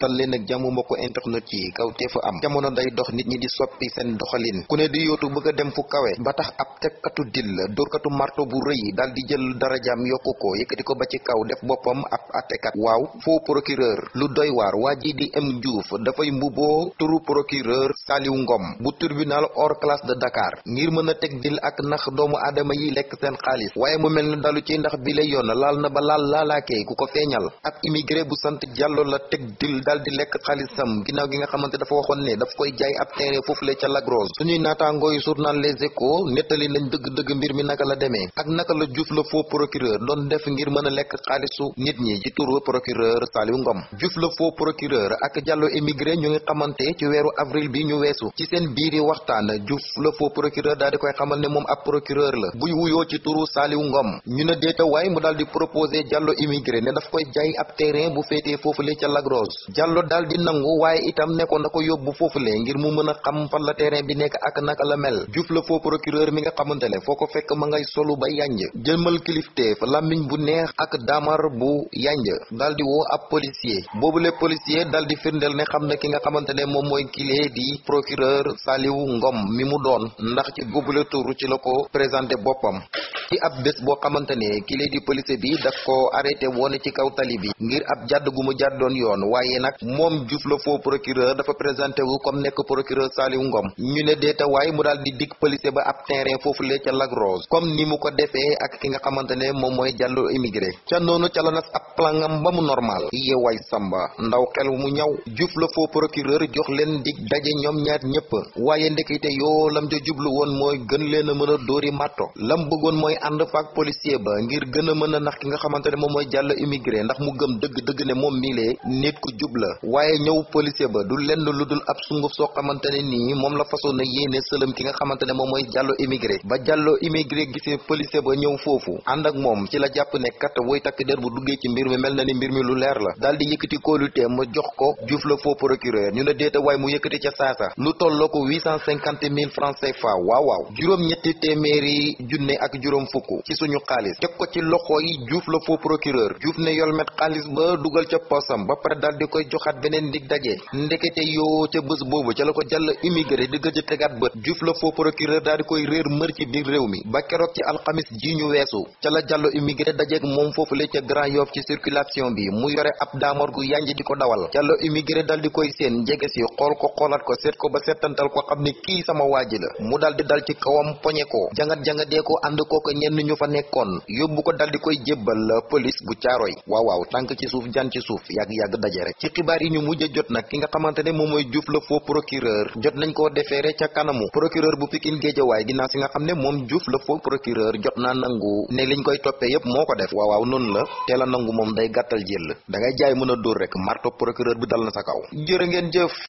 dal leen ak jàmm mbokk internet yi kawtee fa am jamono day dox nit ñi di soppi seen doxalin ku ne di yootu bëgg dem fu kawe ba tax ab tekkatu dil dóorkatu marto bu rëy daal di jël darajaam yokku ko yëkkati ko ba ci kaw def boppam ab kat waaw faux procureur lu doy waar waa ji di M Diouf dafay mbuboo turu procureur Saliou Ngom bu tribunal hors classe de Dakar ngir mën a teg dil ak nax doomu aadama yi lekk seen xaalis waaye mu mel na dalu ci ndax bi lay yoon laal na ba laal laalaakee ku ko feeñal ab dal di lekk xaalisam ginnaaw gi nga xamante dafa waxoon ne daf koy jaay ab terrain foofu le ca Lagrose suñuy naataangooy journal Les Échos nettali nañ dëgg-dëgg mbir mi naka la demee ak naka la Diouf le faux procureur doon def ngir mën a lekk xaalisu nit ñi ci turu procureur Saliou Ngom Diouf le faux procureur ak Diallo émigré ñu ngi xamante ci weeru avril bi ñu weesu ci seen biiri waxtaan Diouf le faux procureur daal di koy xamal ne moom ab procureur la buy wuyoo ci turu Saliou Ngom ñu ne déeta mu daal di proposé Diallo émigré ne daf koy jaay ab terrain bu féetee foofu le ca Lagrose Diallo daal di nangu waaye itam nekkoon ko na ko yóbbu foofu foofule ngir mu mën a xam fan la terrain bi nekk ak naka la mel Diouf la faux procureur mi nga xamante ne foo ko fekk ma ngay solu ba yanj jëmal kilifteef làmmiñ bu neex ak damar bu yanj daal di woo ab boobu boobule policier dal di firndeel ne xam na ki nga xamante ne moom mooy kilee di procureur Saliou Ngom mi mu doon ndax ci boobule tur ci la ko présenté boppam ci ab bés boo xamante ne ki lay di police bi daf ko arrêté woon ci kaw tali bi ngir ab jàdd gu mu jàddoon yoon waaye nag moom Diouf la faux procureur dafa présenté wu comme nekk procureur Saliou ngoom ñu ne deeta waaye mu daal di dig police ba ab terrain foofu le ca Lac Rose comme ni mu ko defee ak ki nga xamante ne moom mooy jàllu immigré ca noonu ca la nas ab plangam ba mu normal yee way samba ndaw xel mu ñaw Diouf la faux procureur jox leen di daje ñoom ñaar ñëpp waaye ndekete yoo lam ja jublu woon mooy gën leen a mën a dóori màtto ànd faak policier ba ngir gën a mën a nax ki nga xamante ne moom mooy jàll immigré ndax mu gëm dëgg-dëgg ne moom miilee nit ku jub la waaye ñëw policier ba du lenn lu dul ab sunguf soo xamante ne nii moom la façon na yéene sëlëm ki nga xamante ne moom mooy jàllo immigré ba jàllo immigré gisee policier ba ñëw foofu ànd ak moom ci la jàpp ne kat woy takk der bu duggee ci mbir mi mel na ni mbir mi lu leer la daal di yëkkati kóolute ma jox ko Juuf la faux procureur ñu ne déeta waaye mu yëkkati ca saasa lu tolloo ko huit cent cinquante mille francs CFA ak juróom fukk ci suñu xaalis teg ko ci loxo yi Juuf la faux procureur Juuf ne yolmet xaalis ba dugal ca poosam ba pare daal di koy joxaat beneen dig daje ndekete yoo ca bés boobu ca la ko jàll immigré di gëj a tegaat bët Juuf la faux procureur daal di koy réer mër ci biir réew mi ba keroog ci alxamis ji ñu weesu ca la jàllo immigré dajeeg moom foofu la ca Grand Yoff ci circulation bi mu yore ab daamoor gu yànj di ko dawal jàllo immigré dal di koy seen jege si xool ko xoolaat ko seet ko ba seetantal ko xam ne kii sama la ci ñenn ñu fa nekkoon yóbbu ko dal di koy jébbal police bu caaroy waaw waaw tànk ci suuf jaan ci suuf yàgg-yàgg daje rek ci xibaar yi ñu mujj a jot nag ki nga xamante ne moom mooy Diouf la faux procureur jot nañ koo defeere ca kanamu procureur bu Pikine Géejawaay ginnaaw si nga xam ne moom Diouf la faux jot naa nangu ne liñ koy toppee yépp moo ko def waaw waaw noonu la teel a nangu moom day gàttal jël da ngay jaay mën a dóor rek marto procureur bi dal na sa kaw jërë ngeen jëf